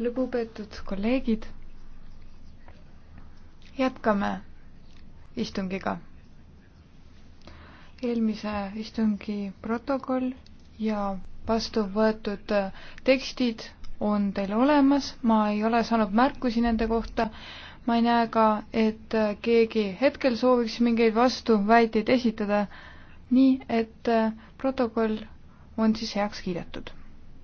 lugupeetud kolleegid. jätkame istungiga. eelmise istungi protokoll ja vastu võetud tekstid on teil olemas, ma ei ole saanud märkusi nende kohta. ma ei näe ka, et keegi hetkel sooviks mingeid vastuväiteid esitada. nii et protokoll on siis heaks kiidetud